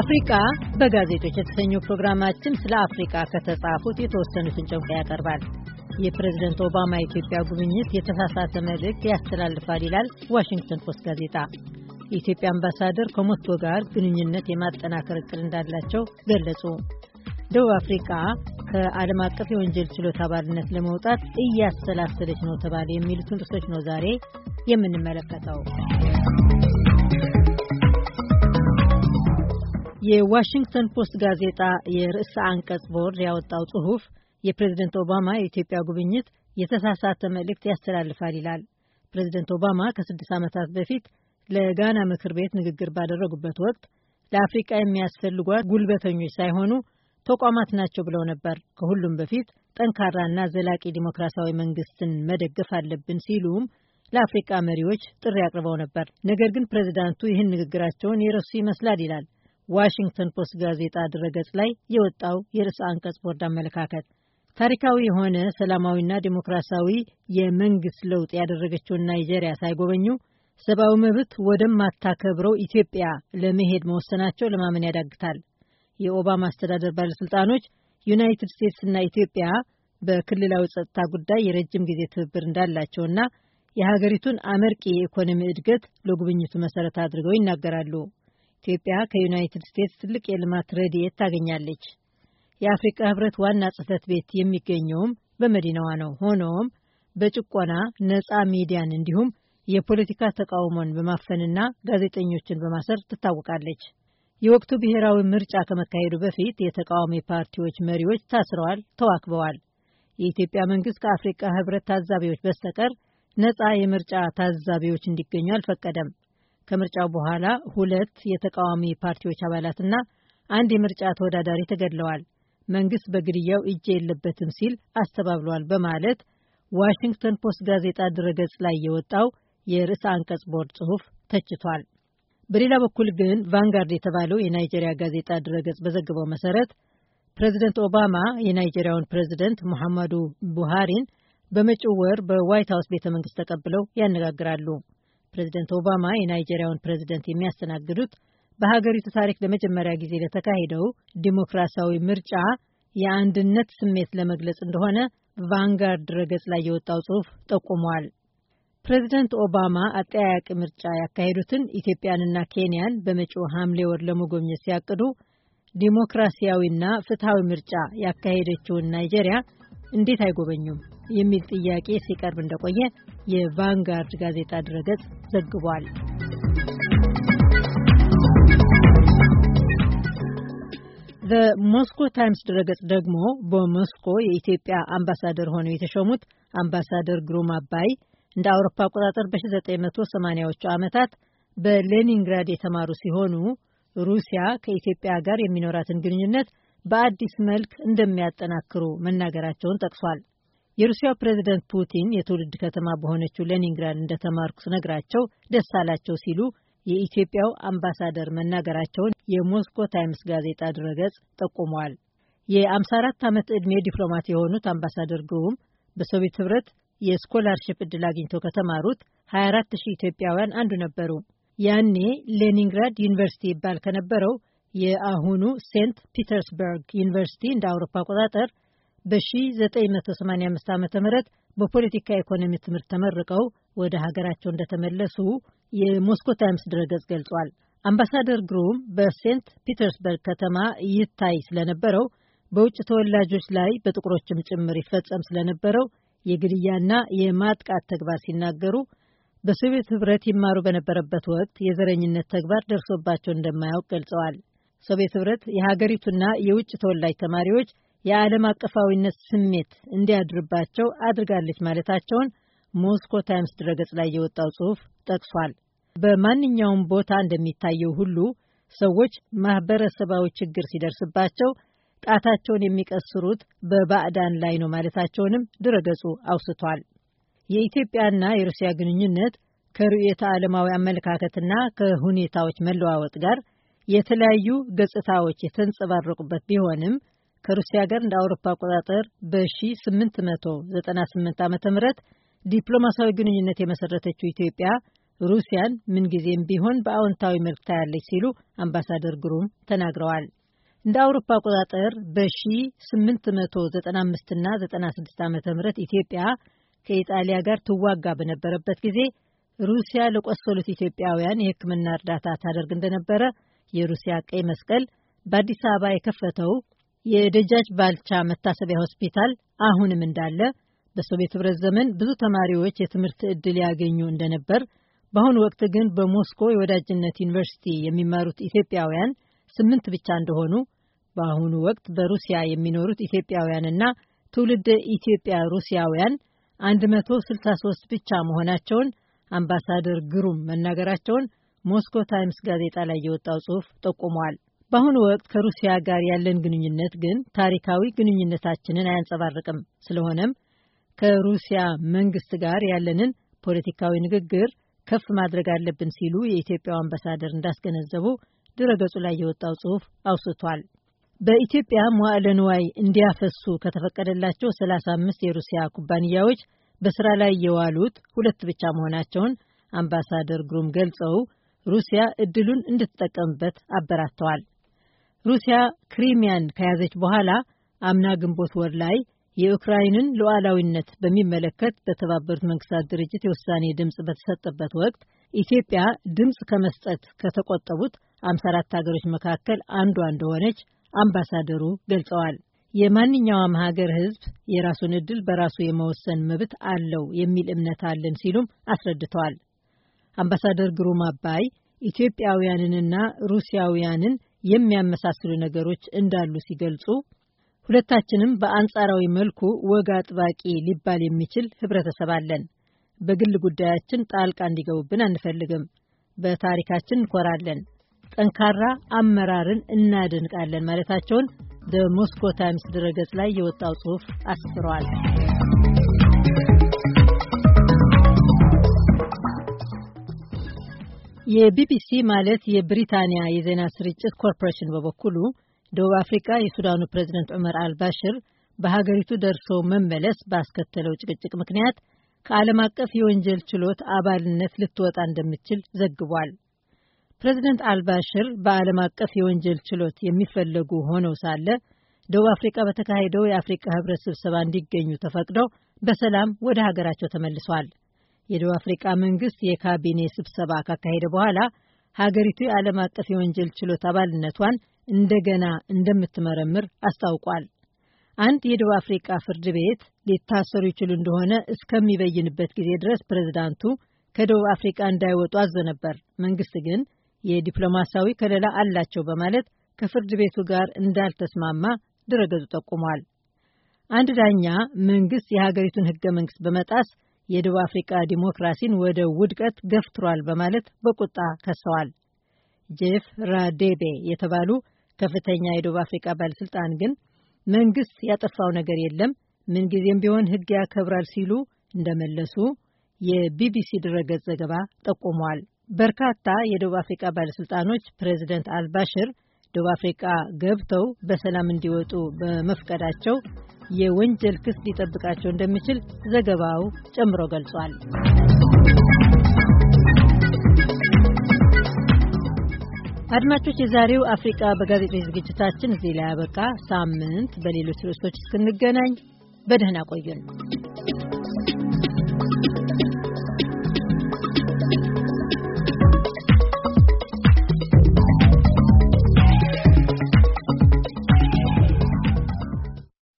አፍሪቃ በጋዜጦች የተሰኘው ፕሮግራማችን ስለ አፍሪቃ ከተጻፉት የተወሰኑትን ጨምቆ ያቀርባል። የፕሬዝደንት ኦባማ የኢትዮጵያ ጉብኝት የተሳሳተ መልእክት ያስተላልፋል ይላል ዋሽንግተን ፖስት ጋዜጣ። የኢትዮጵያ አምባሳደር ከሞስኮ ጋር ግንኙነት የማጠናከር እቅድ እንዳላቸው ገለጹ። ደቡብ አፍሪካ ከዓለም አቀፍ የወንጀል ችሎት አባልነት ለመውጣት እያሰላሰለች ነው ተባለ። የሚሉትን ርዕሶች ነው ዛሬ የምንመለከተው። የዋሽንግተን ፖስት ጋዜጣ የርዕሰ አንቀጽ ቦርድ ያወጣው ጽሑፍ የፕሬዝደንት ኦባማ የኢትዮጵያ ጉብኝት የተሳሳተ መልእክት ያስተላልፋል ይላል። ፕሬዝደንት ኦባማ ከስድስት ዓመታት በፊት ለጋና ምክር ቤት ንግግር ባደረጉበት ወቅት ለአፍሪቃ የሚያስፈልጓት ጉልበተኞች ሳይሆኑ ተቋማት ናቸው ብለው ነበር። ከሁሉም በፊት ጠንካራና ዘላቂ ዲሞክራሲያዊ መንግስትን መደገፍ አለብን ሲሉም ለአፍሪቃ መሪዎች ጥሪ አቅርበው ነበር። ነገር ግን ፕሬዚዳንቱ ይህን ንግግራቸውን የረሱ ይመስላል ይላል ዋሽንግተን ፖስት ጋዜጣ ድረገጽ ላይ የወጣው የርዕሰ አንቀጽ ቦርድ አመለካከት ታሪካዊ የሆነ ሰላማዊና ዲሞክራሲያዊ የመንግስት ለውጥ ያደረገችውን ናይጄሪያ ሳይጎበኙ ሰብአዊ መብት ወደማታከብረው ኢትዮጵያ ለመሄድ መወሰናቸው ለማመን ያዳግታል። የኦባማ አስተዳደር ባለሥልጣኖች ዩናይትድ ስቴትስና ኢትዮጵያ በክልላዊ ጸጥታ ጉዳይ የረጅም ጊዜ ትብብር እንዳላቸውና የሀገሪቱን አመርቂ የኢኮኖሚ እድገት ለጉብኝቱ መሰረት አድርገው ይናገራሉ። ኢትዮጵያ ከዩናይትድ ስቴትስ ትልቅ የልማት ረድኤት ታገኛለች። የአፍሪካ ህብረት ዋና ጽህፈት ቤት የሚገኘውም በመዲናዋ ነው። ሆኖም በጭቆና ነፃ ሚዲያን እንዲሁም የፖለቲካ ተቃውሞን በማፈንና ጋዜጠኞችን በማሰር ትታወቃለች። የወቅቱ ብሔራዊ ምርጫ ከመካሄዱ በፊት የተቃዋሚ ፓርቲዎች መሪዎች ታስረዋል፣ ተዋክበዋል። የኢትዮጵያ መንግስት ከአፍሪካ ህብረት ታዛቢዎች በስተቀር ነፃ የምርጫ ታዛቢዎች እንዲገኙ አልፈቀደም። ከምርጫው በኋላ ሁለት የተቃዋሚ ፓርቲዎች አባላትና አንድ የምርጫ ተወዳዳሪ ተገድለዋል። መንግስት በግድያው እጅ የለበትም ሲል አስተባብሏል በማለት ዋሽንግተን ፖስት ጋዜጣ ድረገጽ ላይ የወጣው የርዕሰ አንቀጽ ቦርድ ጽሑፍ ተችቷል። በሌላ በኩል ግን ቫንጋርድ የተባለው የናይጄሪያ ጋዜጣ ድረገጽ በዘገበው መሰረት ፕሬዚደንት ኦባማ የናይጄሪያውን ፕሬዚደንት ሙሐመዱ ቡሃሪን በመጪው ወር በዋይት ሀውስ ቤተ መንግስት ተቀብለው ያነጋግራሉ። ፕሬዚደንት ኦባማ የናይጄሪያውን ፕሬዚደንት የሚያስተናግዱት በሀገሪቱ ታሪክ ለመጀመሪያ ጊዜ ለተካሄደው ዲሞክራሲያዊ ምርጫ የአንድነት ስሜት ለመግለጽ እንደሆነ ቫንጋርድ ድረገጽ ላይ የወጣው ጽሑፍ ጠቁሟል። ፕሬዚደንት ኦባማ አጠያያቂ ምርጫ ያካሄዱትን ኢትዮጵያንና ኬንያን በመጪው ሐምሌ ወር ለመጎብኘት ሲያቅዱ ዲሞክራሲያዊና ፍትሐዊ ምርጫ ያካሄደችውን ናይጄሪያ እንዴት አይጎበኙም? የሚል ጥያቄ ሲቀርብ እንደቆየ የቫንጋርድ ጋዜጣ ድረገጽ ዘግቧል። በሞስኮ ታይምስ ድረገጽ ደግሞ በሞስኮ የኢትዮጵያ አምባሳደር ሆነው የተሾሙት አምባሳደር ግሩም አባይ እንደ አውሮፓ አቆጣጠር በ1980ዎቹ ዓመታት በሌኒንግራድ የተማሩ ሲሆኑ ሩሲያ ከኢትዮጵያ ጋር የሚኖራትን ግንኙነት በአዲስ መልክ እንደሚያጠናክሩ መናገራቸውን ጠቅሷል። የሩሲያ ፕሬዚደንት ፑቲን የትውልድ ከተማ በሆነችው ሌኒንግራድ እንደተማርኩ ስነግራቸው ደስ አላቸው ሲሉ የኢትዮጵያው አምባሳደር መናገራቸውን የሞስኮ ታይምስ ጋዜጣ ድረገጽ ጠቁሟል። የ54 ዓመት ዕድሜ ዲፕሎማት የሆኑት አምባሳደር ግሩም በሶቪየት ህብረት የስኮላርሽፕ ዕድል አግኝተው ከተማሩት ሺህ ኢትዮጵያውያን አንዱ ነበሩ። ያኔ ሌኒንግራድ ዩኒቨርሲቲ ይባል ከነበረው የአሁኑ ሴንት ፒተርስበርግ ዩኒቨርሲቲ እንደ አውሮፓ አቆጣጠር በ1985 ዓ ም በፖለቲካ ኢኮኖሚ ትምህርት ተመርቀው ወደ ሀገራቸው እንደተመለሱ የሞስኮ ታይምስ ድረገጽ ገልጿል። አምባሳደር ግሩም በሴንት ፒተርስበርግ ከተማ ይታይ ስለነበረው በውጭ ተወላጆች ላይ በጥቁሮችም ጭምር ይፈጸም ስለነበረው የግድያና የማጥቃት ተግባር ሲናገሩ በሶቪየት ህብረት ይማሩ በነበረበት ወቅት የዘረኝነት ተግባር ደርሶባቸው እንደማያውቅ ገልጸዋል። ሶቪየት ህብረት የሀገሪቱና የውጭ ተወላጅ ተማሪዎች የዓለም አቀፋዊነት ስሜት እንዲያድርባቸው አድርጋለች ማለታቸውን ሞስኮ ታይምስ ድረገጽ ላይ የወጣው ጽሑፍ ጠቅሷል። በማንኛውም ቦታ እንደሚታየው ሁሉ ሰዎች ማህበረሰባዊ ችግር ሲደርስባቸው ጣታቸውን የሚቀስሩት በባዕዳን ላይ ነው ማለታቸውንም ድረገጹ አውስቷል። የኢትዮጵያና የሩሲያ ግንኙነት ከርዕዮተ ዓለማዊ አመለካከትና ከሁኔታዎች መለዋወጥ ጋር የተለያዩ ገጽታዎች የተንጸባረቁበት ቢሆንም ከሩሲያ ጋር እንደ አውሮፓ አቆጣጠር በ1898 ዓ ም ዲፕሎማሲያዊ ግንኙነት የመሰረተችው ኢትዮጵያ ሩሲያን ምንጊዜም ቢሆን በአዎንታዊ መልክ ታያለች ሲሉ አምባሳደር ግሩም ተናግረዋል። እንደ አውሮፓ አቆጣጠር በ1895 እና 96 ዓ ም ኢትዮጵያ ከኢጣሊያ ጋር ትዋጋ በነበረበት ጊዜ ሩሲያ ለቆሰሉት ኢትዮጵያውያን የሕክምና እርዳታ ታደርግ እንደነበረ የሩሲያ ቀይ መስቀል በአዲስ አበባ የከፈተው የደጃጅ ባልቻ መታሰቢያ ሆስፒታል አሁንም እንዳለ በሶቪየት ህብረት ዘመን ብዙ ተማሪዎች የትምህርት ዕድል ያገኙ እንደነበር በአሁኑ ወቅት ግን በሞስኮ የወዳጅነት ዩኒቨርሲቲ የሚማሩት ኢትዮጵያውያን ስምንት ብቻ እንደሆኑ በአሁኑ ወቅት በሩሲያ የሚኖሩት ኢትዮጵያውያንና ትውልድ ኢትዮጵያ ሩሲያውያን 163 ብቻ መሆናቸውን አምባሳደር ግሩም መናገራቸውን ሞስኮ ታይምስ ጋዜጣ ላይ የወጣው ጽሑፍ ጠቁሟል። በአሁኑ ወቅት ከሩሲያ ጋር ያለን ግንኙነት ግን ታሪካዊ ግንኙነታችንን አያንጸባርቅም። ስለሆነም ከሩሲያ መንግስት ጋር ያለንን ፖለቲካዊ ንግግር ከፍ ማድረግ አለብን ሲሉ የኢትዮጵያው አምባሳደር እንዳስገነዘቡ ድረገጹ ላይ የወጣው ጽሑፍ አውስቷል። በኢትዮጵያ መዋዕለ ንዋይ እንዲያፈሱ ከተፈቀደላቸው 35 የሩሲያ ኩባንያዎች በስራ ላይ የዋሉት ሁለት ብቻ መሆናቸውን አምባሳደር ግሩም ገልጸው ሩሲያ እድሉን እንድትጠቀምበት አበራተዋል። ሩሲያ ክሪሚያን ከያዘች በኋላ አምና ግንቦት ወር ላይ የዩክራይንን ሉዓላዊነት በሚመለከት በተባበሩት መንግስታት ድርጅት የውሳኔ ድምፅ በተሰጠበት ወቅት ኢትዮጵያ ድምፅ ከመስጠት ከተቆጠቡት 54 ሀገሮች መካከል አንዷ እንደሆነች አምባሳደሩ ገልጸዋል። የማንኛውም ሀገር ሕዝብ የራሱን ዕድል በራሱ የመወሰን መብት አለው የሚል እምነት አለን ሲሉም አስረድተዋል። አምባሳደር ግሩም አባይ ኢትዮጵያውያንንና ሩሲያውያንን የሚያመሳስሉ ነገሮች እንዳሉ ሲገልጹ ሁለታችንም በአንጻራዊ መልኩ ወግ አጥባቂ ሊባል የሚችል ህብረተሰብ አለን። በግል ጉዳያችን ጣልቃ እንዲገቡብን አንፈልግም። በታሪካችን እንኮራለን፣ ጠንካራ አመራርን እናደንቃለን ማለታቸውን በሞስኮ ታይምስ ድረገጽ ላይ የወጣው ጽሑፍ አስፍሯል። የቢቢሲ ማለት የብሪታንያ የዜና ስርጭት ኮርፖሬሽን በበኩሉ ደቡብ አፍሪካ የሱዳኑ ፕሬዝደንት ዑመር አልባሽር በሀገሪቱ ደርሶ መመለስ ባስከተለው ጭቅጭቅ ምክንያት ከዓለም አቀፍ የወንጀል ችሎት አባልነት ልትወጣ እንደምትችል ዘግቧል። ፕሬዝደንት አልባሽር በዓለም አቀፍ የወንጀል ችሎት የሚፈለጉ ሆነው ሳለ ደቡብ አፍሪካ በተካሄደው የአፍሪካ ህብረት ስብሰባ እንዲገኙ ተፈቅደው በሰላም ወደ ሀገራቸው ተመልሷል። የደቡብ አፍሪቃ መንግስት የካቢኔ ስብሰባ ካካሄደ በኋላ ሀገሪቱ የዓለም አቀፍ የወንጀል ችሎት አባልነቷን እንደገና እንደምትመረምር አስታውቋል። አንድ የደቡብ አፍሪቃ ፍርድ ቤት ሊታሰሩ ይችሉ እንደሆነ እስከሚበይንበት ጊዜ ድረስ ፕሬዚዳንቱ ከደቡብ አፍሪቃ እንዳይወጡ አዞ ነበር። መንግስት ግን የዲፕሎማሲያዊ ከለላ አላቸው በማለት ከፍርድ ቤቱ ጋር እንዳልተስማማ ድረገጹ ጠቁሟል። አንድ ዳኛ መንግስት የሀገሪቱን ህገ መንግስት በመጣስ የደቡብ አፍሪቃ ዲሞክራሲን ወደ ውድቀት ገፍትሯል በማለት በቁጣ ከሰዋል። ጄፍ ራዴቤ የተባሉ ከፍተኛ የደቡብ አፍሪቃ ባለስልጣን ግን መንግስት ያጠፋው ነገር የለም፣ ምንጊዜም ቢሆን ህግ ያከብራል ሲሉ እንደመለሱ የቢቢሲ ድረገጽ ዘገባ ጠቁሟል። በርካታ የደቡብ አፍሪቃ ባለስልጣኖች ፕሬዚደንት አልባሽር ደቡብ አፍሪካ ገብተው በሰላም እንዲወጡ በመፍቀዳቸው የወንጀል ክስ ሊጠብቃቸው እንደሚችል ዘገባው ጨምሮ ገልጿል። አድማጮች፣ የዛሬው አፍሪቃ በጋዜጦች ዝግጅታችን እዚህ ላይ ያበቃ። ሳምንት በሌሎች ርዕሶች እስክንገናኝ በደህና ቆዩን።